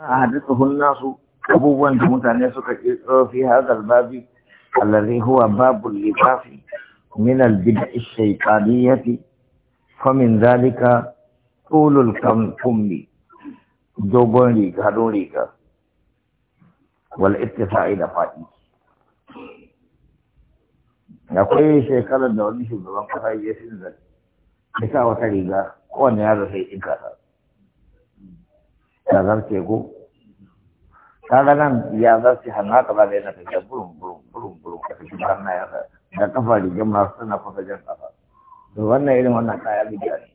أحدثه الناس أبوا متناسك في هذا الباب الذي هو باب اللباس من البدع الشيطانية فمن ذلك طول الكم جوبون ريكا دون ريكا والاتفاع إلى فائد akwai shekarar da wani shugaban kasa ya fi zai ya sa wata ta zarce go kaga nan ya su hannu haka ba da yana tafiya burum burum burum ka a cikin na yaka da kafa jama'a masu suna kusa jan kafa to wannan irin wannan kaya bidiya ne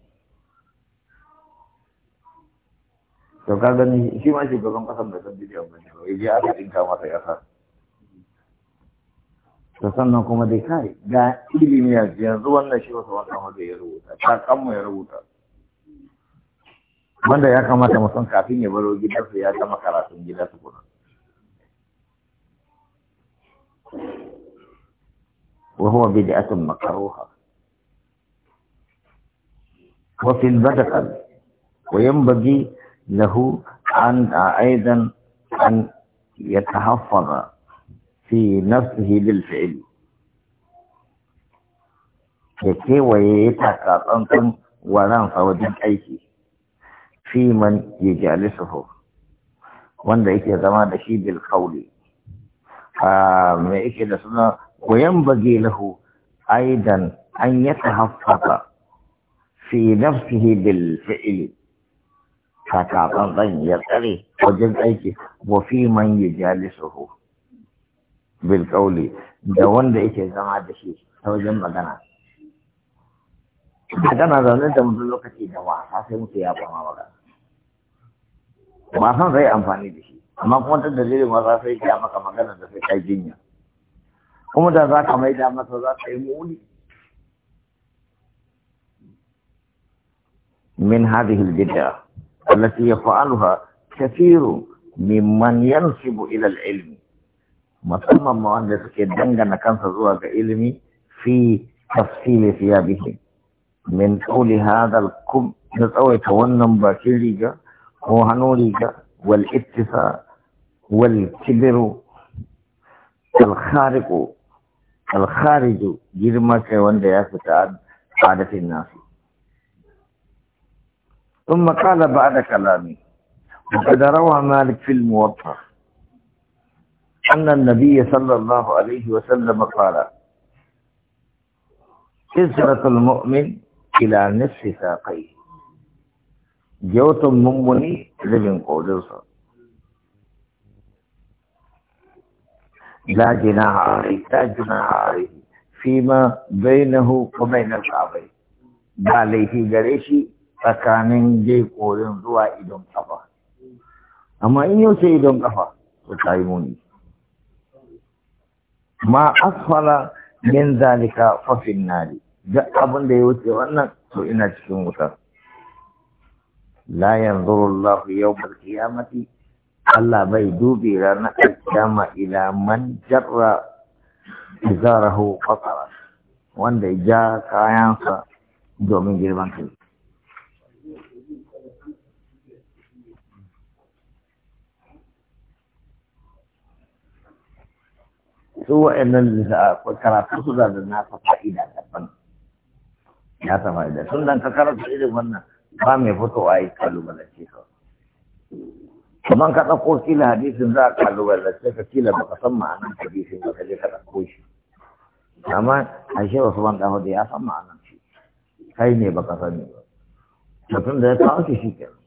to ka gani shi ma shugaban kasan da san bidiya ba ne ya je aka dinka masa ya sa to sannan kuma dai kai ga ilimi yanzu wannan shi wasu wata wanda ya rubuta ta kanmu ya rubuta wanda ya kamata mutum kafin ya baro gidansa ya gama karatun gida tukuna وهو بدعة مكروهة وفي البدقل وينبغي له أن أيضا أن يتحفظ في نفسه بالفعل يكي ويتحقق أنتم ولن أي شيء fi man yajlisuhu wanda yake zama da shi bil qawli a ah, me yake da suna wayan bage lahu aidan an yatahaffaza fi nafsihi bil fi'li kakaban zan ya tsare wajen aiki wa fi man yajlisuhu bil qawli da wanda yake zama da shi ta wajen magana magana zaune da mutum lokaci da wasa sai mutu ya kwama magana ba san zai amfani da shi amma kuma ta dalilin maza sai ya maka magana da sai kai jinya kuma da za ka mai da masa za ka yi muni min hadhihi al-bid'ah التي يفعلها كثير ممن ينسب إلى العلم مثلا ما عندك الدنجة كان تزوج علمي في تفصيل ثيابه من قول هذا الكم نتوي تونم باكيريجا هو ريجا والاتساع والكبر الخارق الخارج جرمك وان يفتاد عادة الناس ثم قال بعد كلامي وقد روى مالك في الموطأ أن النبي صلى الله عليه وسلم قال كسرة المؤمن إلى نصف ساقيه gyautun mummuni rabin kodinsa la jinaha hari ta jinaha hari fi ma bainahu wa na sabai ba laifi gare shi tsakanin je korin zuwa idon kafa amma in yau sai idon kafa to ta yi muni ma asfala min zalika fa fi nari Da abin da ya wuce wannan to ina cikin wutar. لا ينظر الله يوم القيامة الله بيدوبي لنا الكامة إلى من جر إزاره قطرة وان دي جاء كايانسا دومين جلبان كله سوى ان الكرات تسوى الناس فائدة لبن لا فائدة سنة كرات تسوى لنا ba mai a yi kalubalance ka kaman ka ɗauko kila hadisin za a kalubalance ka kila ka san ma'anar hadisin ba ka je ka ɗauko shi amma a shi wasu ban ɗaho da ya san ma'anar shi kai ne ka sani ba mutum da ya kawo shi shi kenan